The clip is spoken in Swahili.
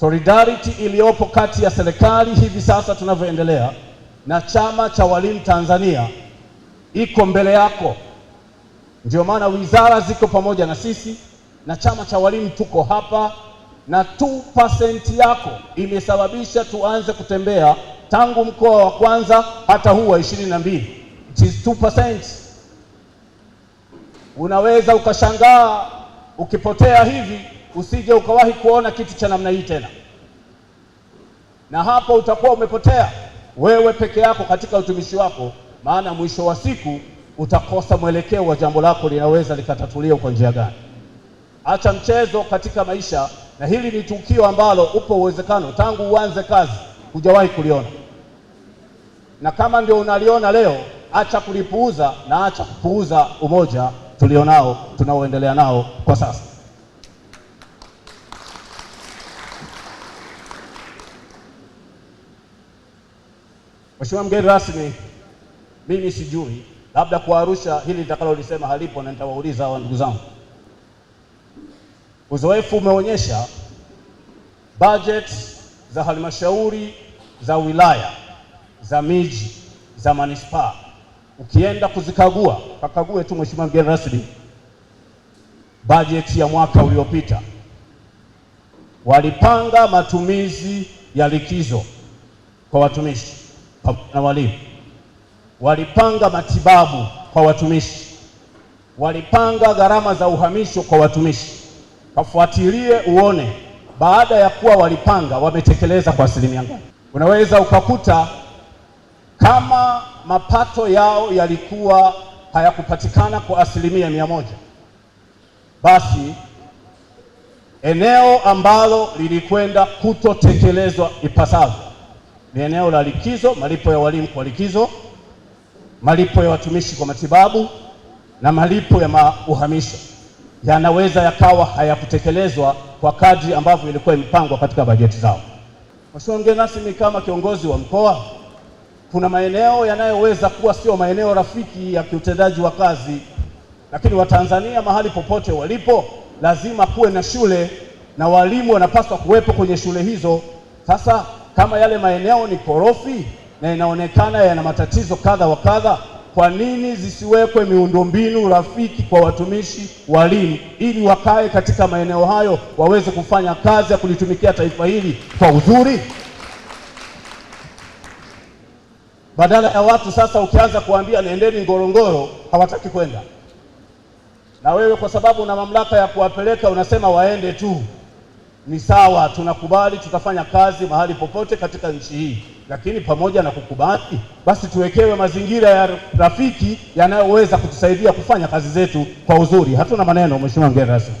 solidarity iliyopo kati ya serikali hivi sasa tunavyoendelea na chama cha walimu Tanzania iko mbele yako. Ndio maana wizara ziko pamoja na sisi na chama cha walimu tuko hapa, na 2% yako imesababisha tuanze kutembea tangu mkoa wa kwanza hata huu wa ishirini na mbili. It is 2%. Unaweza ukashangaa ukipotea hivi usije ukawahi kuona kitu cha namna hii tena, na hapo utakuwa umepotea wewe peke yako katika utumishi wako, maana mwisho wa siku utakosa mwelekeo wa jambo lako linaweza likatatulia kwa njia gani. Acha mchezo katika maisha, na hili ni tukio ambalo upo uwezekano tangu uanze kazi hujawahi kuliona, na kama ndio unaliona leo, acha kulipuuza na acha kupuuza umoja tulionao tunaoendelea nao kwa sasa. Mheshimiwa mgeni rasmi, mimi sijui, labda kwa Arusha hili nitakalolisema halipo na nitawauliza hawa ndugu zangu. Uzoefu umeonyesha budget za halmashauri za wilaya za miji za manispaa ukienda kuzikagua, kakague tu mheshimiwa mgeni rasmi, bajeti ya mwaka uliopita walipanga matumizi ya likizo kwa watumishi na walimu, walipanga matibabu kwa watumishi, walipanga gharama za uhamisho kwa watumishi. Kafuatilie uone baada ya kuwa walipanga, wametekeleza kwa asilimia ngapi. Unaweza ukakuta kama mapato yao yalikuwa hayakupatikana kwa asilimia mia moja, basi eneo ambalo lilikwenda kutotekelezwa ipasavyo ni eneo la likizo, malipo ya walimu kwa likizo, malipo ya watumishi kwa matibabu na malipo ya mauhamisho yanaweza yakawa hayakutekelezwa kwa kadri ambavyo ilikuwa imepangwa katika bajeti zao. Mheshimiwa mgeni rasmi, kama kiongozi wa mkoa, kuna maeneo yanayoweza kuwa sio maeneo rafiki ya kiutendaji wa kazi, lakini Watanzania mahali popote walipo lazima kuwe na shule na walimu wanapaswa kuwepo kwenye shule hizo. Sasa kama yale maeneo ni korofi na inaonekana yana matatizo kadha wa kadha, kwa nini zisiwekwe miundombinu rafiki kwa watumishi walimu, ili wakae katika maeneo hayo waweze kufanya kazi ya kulitumikia taifa hili kwa uzuri, badala ya watu sasa ukianza kuambia nendeni Ngorongoro hawataki kwenda, na wewe kwa sababu una mamlaka ya kuwapeleka unasema waende tu ni sawa, tunakubali tutafanya kazi mahali popote katika nchi hii, lakini pamoja na kukubali, basi tuwekewe mazingira ya rafiki yanayoweza kutusaidia kufanya kazi zetu kwa uzuri. Hatuna maneno, Mheshimiwa mgeni rasmi.